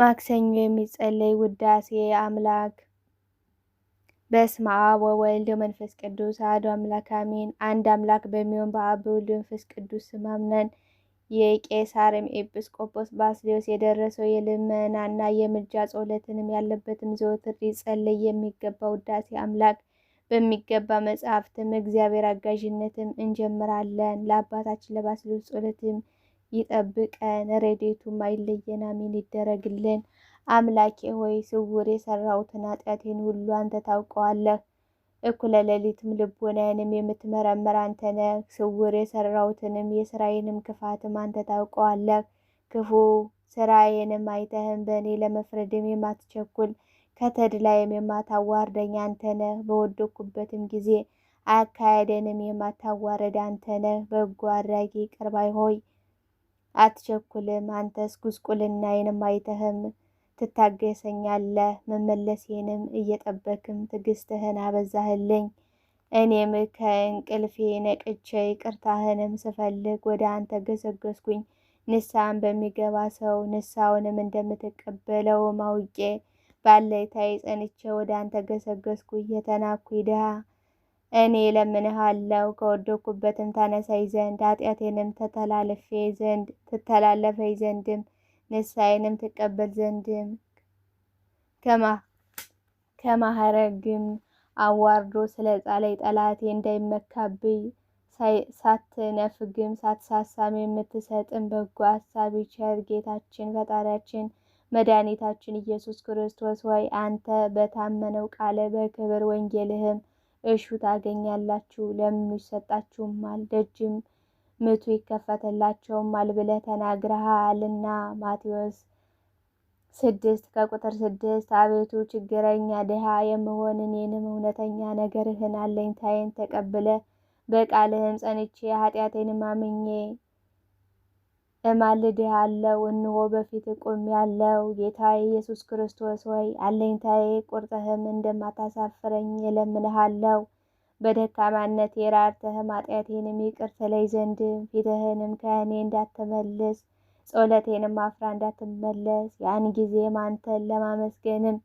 ማክሰኞ የሚጸለይ ውዳሴ አምላክ በስመ አብ ወወልድ ወመንፈስ ቅዱስ አሐዱ አምላክ አሜን። አንድ አምላክ በሚሆን በአብ ወልድ መንፈስ ቅዱስ ስም አምነን የቄሳርም ኤጲስቆጶስ ባስሌዎስ የደረሰው የልመናና የምልጃ ጸሎትንም ያለበትም ዘወትር ሊጸለይ የሚገባ ውዳሴ አምላክ በሚገባ መጽሐፍትም እግዚአብሔር አጋዥነትም እንጀምራለን። ለአባታችን ለባስሌዎስ ጸሎትም ይጠብቀን፣ ረዴቱም አይለየን፣ አሜን ይደረግልን። አምላኬ ሆይ ስውር የሰራሁትን ኃጢአቴን ሁሉ አንተ ታውቀዋለህ። እኩለ ሌሊትም ልቦናዬንም የምትመረምር አንተ ነህ። ስውር የሰራሁትንም የስራዬንም ክፋትም አንተ ታውቀዋለህ። ክፉ ስራዬንም አይተህም በእኔ ለመፍረድም የማትቸኩል ከተድ የማታዋርደኝ አንተ ነህ። በወደኩበትም ጊዜ አካሄደንም የማታዋረድ አንተ ነህ። በጎ አድራጊ ቅርባይ ሆይ አትቸኩልም። አንተስ ጉስቁልናዬንም አይተህም ትታገሰኛለህ። መመለሴንም እየጠበክም ትግስትህን አበዛህልኝ። እኔም ከእንቅልፌ ነቅቼ ይቅርታህንም ስፈልግ ወደ አንተ ገሰገስኩኝ። ንሳን በሚገባ ሰው ንሳውንም እንደምትቀበለው አውቄ ባለይታዬ ጸንቼ ወደ አንተ ገሰገስኩኝ። የተናኩኝ ድሃ እኔ ለምንሃለው ከወደኩበትም ታነሳይ ዘንድ ኃጢአቴንም ተተላልፌ ዘንድ ትተላለፈይ ዘንድም ንሳይንም ትቀበል ዘንድም ከማህረግም አዋርዶ ስለ ጻለይ ጠላቴ እንዳይመካብኝ ሳትነፍግም ሳትሳሳም የምትሰጥም በጎ አሳቢ ቸር ጌታችን ፈጣሪያችን መድኃኒታችን ኢየሱስ ክርስቶስ ወይ አንተ በታመነው ቃለ በክብር ወንጌልህም እሹ ታገኛላችሁ፣ ለምኑ ይሰጣችሁማል፣ ደጅም ምቱ ይከፈትላቸውማል ብለህ ተናግረሃልና። ማቴዎስ ስድስት ከቁጥር ስድስት አቤቱ ችግረኛ ድሃ የመሆን እኔንም እውነተኛ ነገርህን አለኝታዬን ተቀብለ በቃልህም ጸንቼ ኃጢአቴን አምኜ ያለው እንሆ በፊት ቁም ያለው ጌታ ኢየሱስ ክርስቶስ ሆይ አለኝታዬ፣ ቁርጥህም እንደማታሳፍረኝ እለምንሃለሁ። በደካማነት የራርተህ ማጥያቴንም ይቅር ትለይ ዘንድ ፊትህንም ከእኔ እንዳትመልስ ጸሎቴንም አፍራ እንዳትመለስ ያን ጊዜም አንተን ለማመስገንም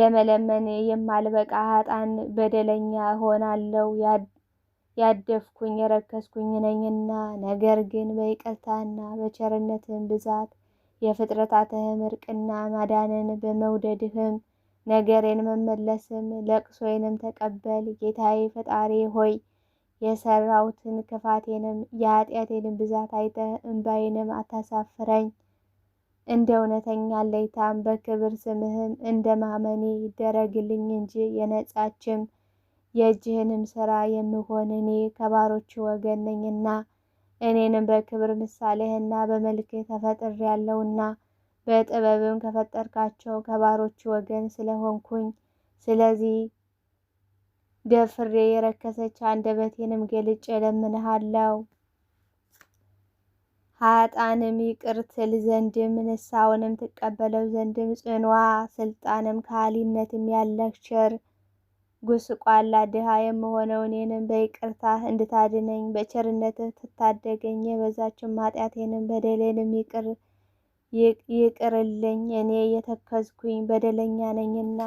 ለመለመን የማልበቃ ኃጣን በደለኛ ያድ ያደፍኩኝ የረከስኩኝ ነኝና፣ ነገር ግን በይቅርታና በቸርነትህም ብዛት የፍጥረታትህም እርቅና ማዳንን በመውደድህም ነገሬን መመለስም ለቅሶዬንም ተቀበል። ጌታዬ ፈጣሪ ሆይ የሰራሁትን ክፋቴንም የኃጢአቴንም ብዛት አይተህ እንባዬንም አታሳፍረኝ። እንደ እውነተኛ ለይታም በክብር ስምህም እንደ ማመኔ ይደረግልኝ እንጂ የነጻችም የእጅህንም ስራ የምሆን እኔ ከባሮች ወገን ነኝና እኔንም በክብር ምሳሌህና በመልክህ ተፈጥሬ ያለውና በጥበብም ከፈጠርካቸው ከባሮች ወገን ስለሆንኩኝ ስለዚህ ደፍሬ የረከሰች አንደበቴንም ገልጬ እለምንሃለሁ። ኃጥአንም ይቅር ትል ዘንድም ንስሐውንም ትቀበለው ዘንድም ጽኗ ስልጣንም ከሃሊነትም ያለህ ቸር ጉስቋላ ድሃ የምሆነውን እኔንም በይቅርታ እንድታድነኝ በቸርነትህ ትታደገኝ። የበዛችም ንም በደሌንም ይቅርልኝ፣ እኔ የተከዝኩኝ በደለኛ ነኝና።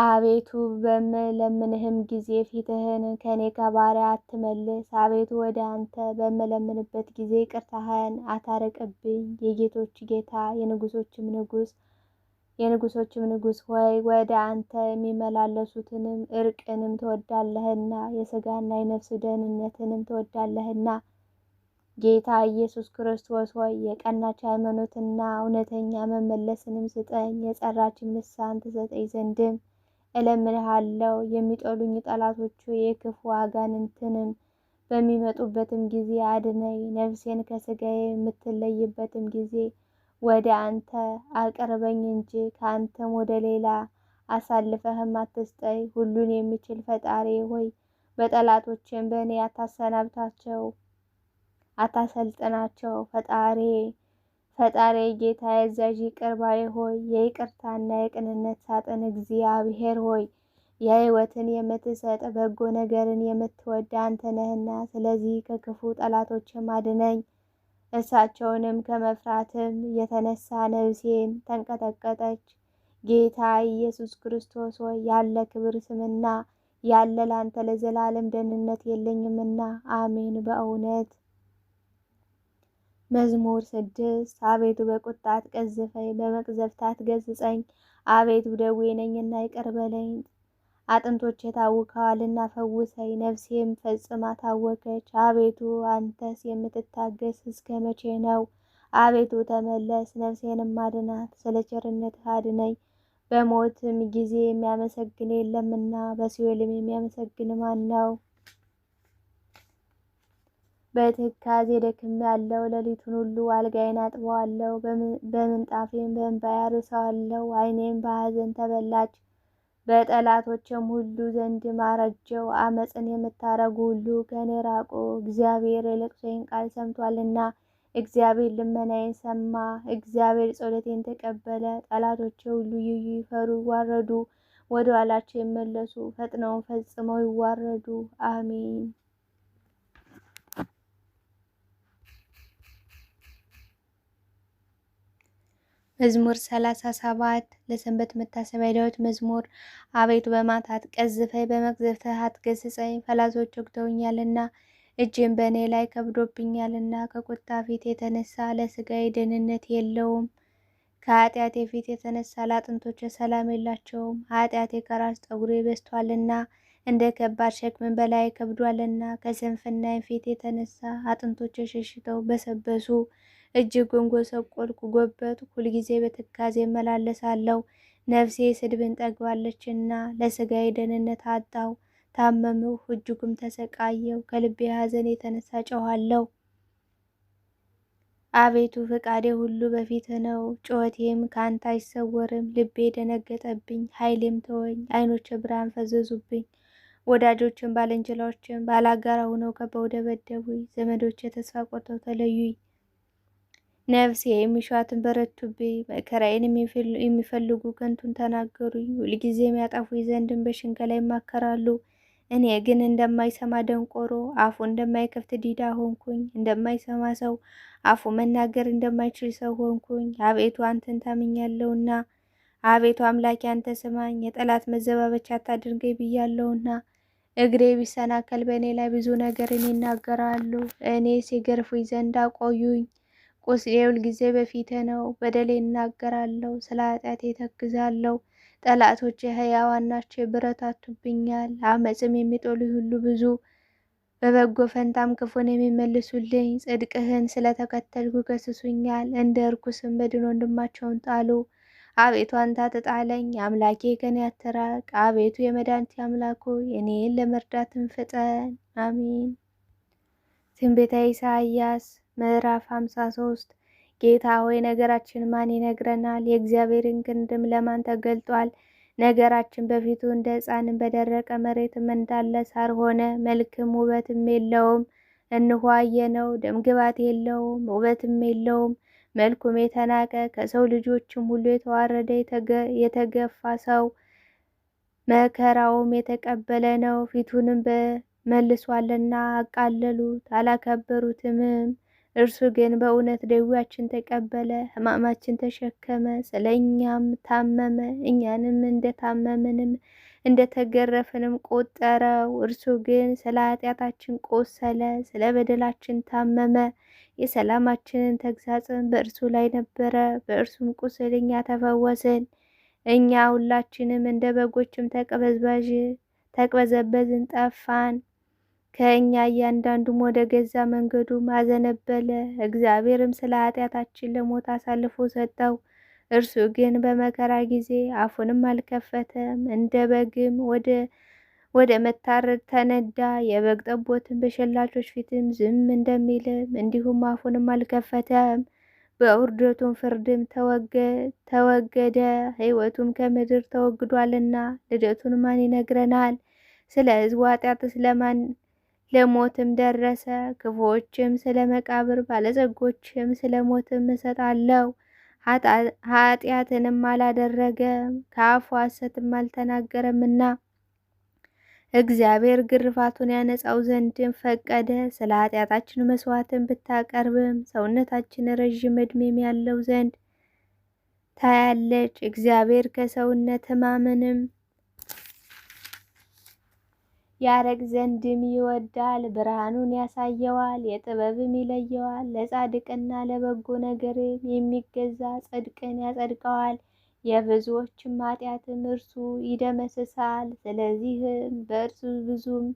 አቤቱ በምለምንህም ጊዜ ፊትህን ከኔ ከባሪያ አትመልስ። አቤቱ ወደ አንተ በምለምንበት ጊዜ ቅርታህን አታረቅብኝ። የጌቶች ጌታ የንጉሶችም ንጉስ የንጉሶችም ንጉስ ሆይ ወደ አንተ የሚመላለሱትንም እርቅንም ትወዳለህና የስጋና የነፍስ ደህንነትንም ትወዳለህና ጌታ ኢየሱስ ክርስቶስ ሆይ የቀናች ሃይማኖትና እውነተኛ መመለስንም ስጠኝ፣ የጸራችን ልሳን ትሰጠኝ ዘንድም እለምንሃለው የሚጠሉኝ ጠላቶቹ የክፉ አጋንንትንም በሚመጡበትም ጊዜ አድነኝ። ነፍሴን ከስጋዬ የምትለይበትም ጊዜ ወደ አንተ አቅርበኝ እንጂ ከአንተም ወደ ሌላ አሳልፈህም አትስጠኝ። ሁሉን የሚችል ፈጣሪ ሆይ በጠላቶችን በእኔ አታሰናብታቸው፣ አታሰልጥናቸው ፈጣሪ ፈጣሪ ጌታ አዛዥ ይቅር ባይ ሆይ የይቅርታና የቅንነት ሳጥን እግዚአብሔር ሆይ የህይወትን የምትሰጥ በጎ ነገርን የምትወድ አንተ ነህና፣ ስለዚህ ከክፉ ጠላቶችም አድነኝ። እሳቸውንም ከመፍራትም የተነሳ ነፍሴን ተንቀጠቀጠች። ጌታ ኢየሱስ ክርስቶስ ሆይ ያለ ክብር ስምና ያለ ላንተ ለዘላለም ደህንነት የለኝምና፣ አሜን በእውነት መዝሙር ስድስት አቤቱ በቁጣ አትቀዝፈኝ፣ በመቅዘፍት አትገስጸኝ። አቤቱ ደዌ ነኝና ይቅር በለኝ፣ አጥንቶቼ ታውከዋልና ፈውሰኝ። ነፍሴም ፈጽማ ታወከች። አቤቱ አንተስ የምትታገስ እስከ መቼ ነው? አቤቱ ተመለስ፣ ነፍሴንም አድናት፣ ስለ ቸርነትህ አድነኝ። በሞትም ጊዜ የሚያመሰግን የለምና በሲኦልም የሚያመሰግን ማን ነው? በትካዜ ደክም ያለው ሌሊቱን ሁሉ አልጋዬን አጥበዋለሁ፣ በምንጣፌም በእንባ አርሰዋለሁ። ዓይኔም በሐዘን ተበላች፣ በጠላቶችም ሁሉ ዘንድ ማረጀው። አመፅን የምታረጉ ሁሉ ከኔ ራቁ፣ እግዚአብሔር የልቅሶዬን ቃል ሰምቷልና። እግዚአብሔር ልመናዬን ሰማ፣ እግዚአብሔር ጸሎቴን ተቀበለ። ጠላቶቼ ሁሉ ይዩ፣ ይፈሩ፣ ይዋረዱ፣ ወደ ኋላቸው ይመለሱ፣ ፈጥነው ፈጽመው ይዋረዱ። አሚን መዝሙር 37 ለሰንበት መታሰቢያ ዳዊት መዝሙር። አቤቱ በማታ አትቀዝፈኝ፣ በመቅዘፍትህ አትገስጸኝ። ፈላሶች ወግተውኛልና እጅም በእኔ ላይ ከብዶብኛልና፣ ከቁጣ ፊት የተነሳ ለስጋዬ ደህንነት የለውም። ከኃጢአቴ ፊት የተነሳ ለአጥንቶች ሰላም የላቸውም። ኃጢአቴ ከራስ ጠጉሬ በዝቷልና እንደ ከባድ ሸክም በላይ ከብዷልና፣ ከስንፍና ፊት የተነሳ አጥንቶች ሸሽተው በሰበሱ። እጅጉን ጎሰቆልኩ፣ ጎበትኩ። ሁልጊዜ በትካዜ እመላለሳለሁ። ነፍሴ ስድብን ጠግባለችና ለሥጋዬ ደህንነት አጣሁ። ታመምሁ፣ እጅጉም ተሰቃየሁ። ከልቤ ሐዘን የተነሳ ጮኋለሁ። አቤቱ ፍቃዴ ሁሉ በፊት ነው፣ ጩኸቴም ከአንተ አይሰወርም። ልቤ ደነገጠብኝ፣ ኃይሌም ተወኝ፣ ዓይኖቼ ብርሃን ፈዘዙብኝ። ወዳጆችም ባልንጀላዎችም ባላጋራ ሆነው ከበው ደበደቡኝ። ዘመዶቼ ተስፋ ቆርጠው ተለዩኝ። ነፍሴ የሚሿትን በረቱብኝ፣ መከራዬን የሚፈልጉ ከንቱን ተናገሩኝ። ሁልጊዜ የሚያጠፉ ዘንድን ላይ ይማከራሉ። እኔ ግን እንደማይሰማ ደንቆሮ አፉ እንደማይከፍት ዲዳ ሆንኩኝ። እንደማይሰማ ሰው አፉ መናገር እንደማይችል ሰው ሆንኩኝ። አቤቱ አንተን ታምኛለውና፣ አቤቱ አምላኬ አንተ ስማኝ። የጠላት መዘባበቻ አታድርገኝ ብያለውና እግሬ ቢሰናከል በእኔ ላይ ብዙ ነገርን ይናገራሉ። እኔ ሲገርፉኝ ዘንድ አቆዩኝ። ቁስሌ ሁልጊዜ በፊት ነው። በደሌ እናገራለሁ፣ ስለ ኃጢአቴ ተግዛለሁ። ጠላቶች ሕያዋን ናቸው፣ ይበረታቱብኛል። አመፅም የሚጦሉ ሁሉ ብዙ በበጎ ፈንታም ክፉን የሚመልሱልኝ ጽድቅህን ስለተከተልኩ ገስሱኛል። እንደ እርኩስም በድን ወንድማቸውን ጣሉ። አቤቱ አንተ ተጣለኝ፣ አምላኬ ከኔ አትራቅ። አቤቱ የመድኃኒቴ አምላክ እኔን ለመርዳትን ፍጠን። አሜን። ትንቢተ ኢሳያስ! ምዕራፍ 53 ጌታ ሆይ ነገራችን ማን ይነግረናል? የእግዚአብሔርን ክንድም ለማን ተገልጧል? ነገራችን በፊቱ እንደ ሕፃንም በደረቀ መሬትም እንዳለ ሳር ሆነ። መልክም ውበትም የለውም፣ እንሆ አየነው። ደምግባት የለውም፣ ውበትም የለውም። መልኩም የተናቀ ከሰው ልጆችም ሁሉ የተዋረደ የተገፋ ሰው፣ መከራውም የተቀበለ ነው። ፊቱንም በመልሷልና አቃለሉት፣ አላከበሩትምም። እርሱ ግን በእውነት ደዌያችን ተቀበለ፣ ሕማማችን ተሸከመ፣ ስለኛም ታመመ፣ እኛንም እንደ እንደተገረፍንም ቆጠረው። እርሱ ግን ስለ ኃጢአታችን ቆሰለ፣ ስለ በደላችን ታመመ። የሰላማችንን ተግሳጽን በእርሱ ላይ ነበረ፣ በእርሱም ቁስል እኛ ተፈወስን። እኛ ሁላችንም እንደ በጎችም ተቅበዘበዝን ጠፋን። ከእኛ እያንዳንዱም ወደ ገዛ መንገዱ ማዘነበለ። እግዚአብሔርም ስለ ኃጢአታችን ለሞት አሳልፎ ሰጠው። እርሱ ግን በመከራ ጊዜ አፉንም አልከፈተም። እንደ በግም ወደ ወደ መታረድ ተነዳ። የበግ ጠቦትን በሸላቾች ፊትም ዝም እንደሚልም እንዲሁም አፉንም አልከፈተም። በውርደቱም ፍርድም ተወገደ፣ ሕይወቱም ከምድር ተወግዷልና። ልደቱን ማን ይነግረናል? ስለ ሕዝቡ ኃጢአት ስለማን ለሞትም ደረሰ። ክፉዎችም ስለ መቃብር፣ ባለጸጎችም ስለ ሞትም እሰጣለሁ። ኃጢአትንም አላደረገም ከአፉ ሐሰትም አልተናገረምና እግዚአብሔር ግርፋቱን ያነጻው ዘንድም ፈቀደ። ስለ ኃጢአታችን መስዋዕትን ብታቀርብም ሰውነታችን ረዥም ዕድሜም ያለው ዘንድ ታያለች። እግዚአብሔር ከሰውነት ሕማምንም ያረግ ዘንድም ይወዳል። ብርሃኑን ያሳየዋል፣ የጥበብም ይለየዋል። ለጻድቅና ለበጎ ነገርም የሚገዛ ጽድቅን ያጸድቀዋል፣ የብዙዎችም ኃጢአትም እርሱ ይደመስሳል። ስለዚህም በእርሱ ብዙም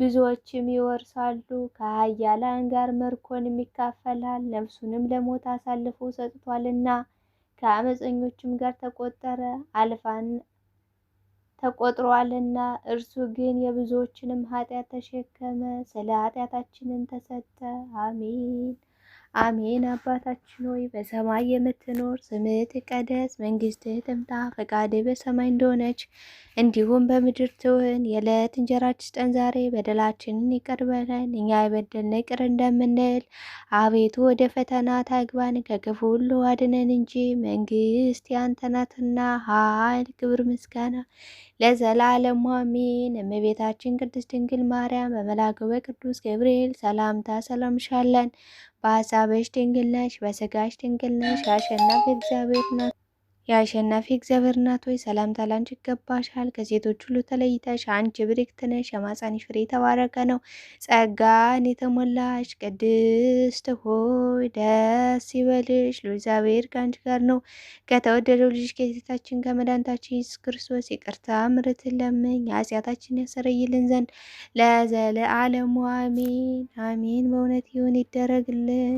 ብዙዎችም ይወርሳሉ። ከኃያላን ጋር መርኮን ይካፈላል፣ ነፍሱንም ለሞት አሳልፎ ሰጥቷልና ከአመፀኞችም ጋር ተቆጠረ። አልፋን ተቆጥሯልና እርሱ ግን የብዙዎችንም ኃጢአት ተሸከመ፣ ስለ ኃጢአታችንን ተሰጠ። አሜን። አሜን። አባታችን ሆይ በሰማይ የምትኖር ስምህ ትቀደስ፣ መንግስትህ ትምጣ፣ ፈቃድህ በሰማይ እንደሆነች እንዲሁም በምድር ትሁን። የዕለት እንጀራችን ስጠን ዛሬ፣ በደላችንን ይቅር በለን እኛ የበደልን ይቅር እንደምንል፣ አቤቱ ወደ ፈተና ታግባን ከክፉ ሁሉ አድነን እንጂ መንግስት ያንተ ናትና ኃይል፣ ክብር፣ ምስጋና ለዘላለሙ አሜን። እመቤታችን ቅድስት ድንግል ማርያም በመላኩ በቅዱስ ገብርኤል ሰላምታ ሰላምሻለን പാസാവേഷ്ടെങ്കിൽ നാശ് വസകാഷ്ടെങ്കിൽ നാശ് ആശന്ന የአሸናፊ እግዚአብሔር እናት ሆይ ሰላምታ ላንቺ ይገባሻል። ከሴቶች ሁሉ ተለይተሽ አንቺ ብርክት ነሽ፣ የማኅፀንሽ ፍሬ የተባረከ ነው። ጸጋን የተሞላሽ ቅድስት ሆይ ደስ ይበልሽ፣ እግዚአብሔር ከአንቺ ጋር ነው። ከተወደደው ልጅሽ ከጌታችን ከመድኃኒታችን ኢየሱስ ክርስቶስ ይቅርታ ምሕረትን ለምኝ ኃጢአታችንን ያሰረይልን ዘንድ ለዘለዓለሙ አሜን አሜን። በእውነት ይሁን ይደረግልን።